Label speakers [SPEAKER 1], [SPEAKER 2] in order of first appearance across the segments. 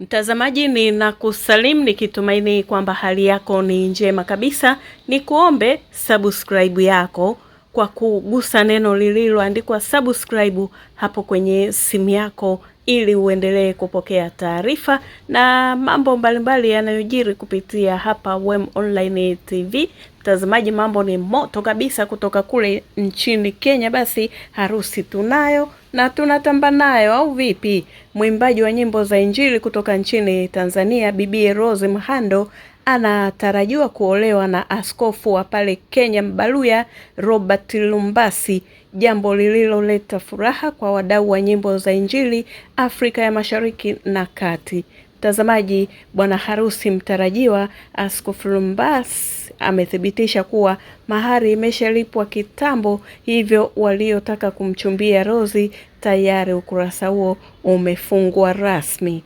[SPEAKER 1] Mtazamaji, ninakusalimu nikitumaini kwamba hali yako ni njema kabisa. Ni kuombe subscribe yako kwa kugusa neno lililoandikwa subscribe hapo kwenye simu yako ili uendelee kupokea taarifa na mambo mbalimbali yanayojiri kupitia hapa WEM Online TV Mtazamaji, mambo ni moto kabisa kutoka kule nchini Kenya. Basi harusi tunayo na tunatamba nayo, au vipi? Mwimbaji wa nyimbo za injili kutoka nchini Tanzania, Bibi Rose Mhando anatarajiwa kuolewa na askofu wa pale Kenya Mbaluya Robert Lumbasi, jambo lililoleta furaha kwa wadau wa nyimbo za injili Afrika ya Mashariki na Kati. Mtazamaji, bwana harusi mtarajiwa Askofu Lumbas amethibitisha kuwa mahari imeshalipwa kitambo, hivyo waliotaka kumchumbia Rozi tayari ukurasa huo umefungwa rasmi.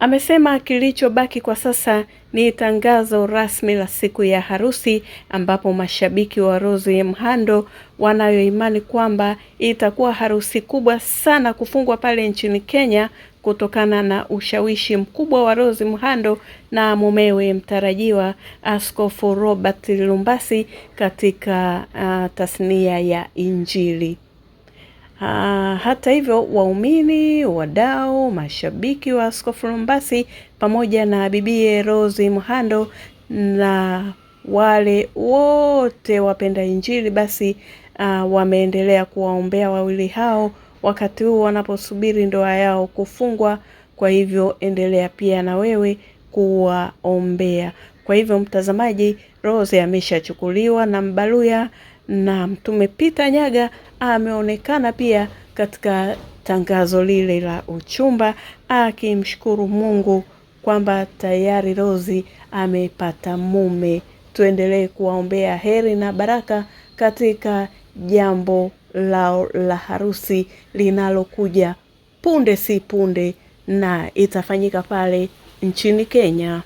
[SPEAKER 1] Amesema kilichobaki kwa sasa ni tangazo rasmi la siku ya harusi ambapo mashabiki wa Rose Mhando wanayo imani kwamba itakuwa harusi kubwa sana kufungwa pale nchini Kenya kutokana na ushawishi mkubwa wa Rose Mhando na mumewe mtarajiwa Askofu Robert Lumbasi katika uh, tasnia ya Injili.
[SPEAKER 2] Uh, hata hivyo waumini, wadau, mashabiki wa Askofu Lumbasi pamoja na bibie Rose Mhando na wale wote wapenda Injili basi uh, wameendelea kuwaombea wawili hao wakati huu wanaposubiri ndoa yao kufungwa. Kwa hivyo endelea pia na wewe kuwaombea. Kwa hivyo mtazamaji, Rose ameshachukuliwa na Mbaluya na Mtume Peter Nyaga ameonekana pia katika tangazo lile la uchumba akimshukuru Mungu kwamba tayari Rose amepata mume. Tuendelee kuwaombea heri na baraka katika jambo lao la harusi linalokuja punde si punde na itafanyika pale nchini Kenya.